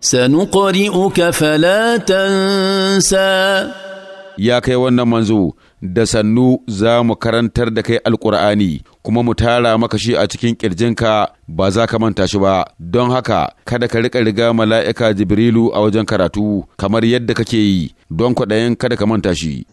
سنقرئك فلا تنسى ya kai wannan manzo da sannu za mu karantar da kai alkur'ani kuma mu tara maka shi a cikin ƙirjinka ba za ka manta shi ba don haka kada ka riƙa riga mala'ika jibrilu a wajen karatu kamar yadda kake yi don kwaɗayin kada ka manta shi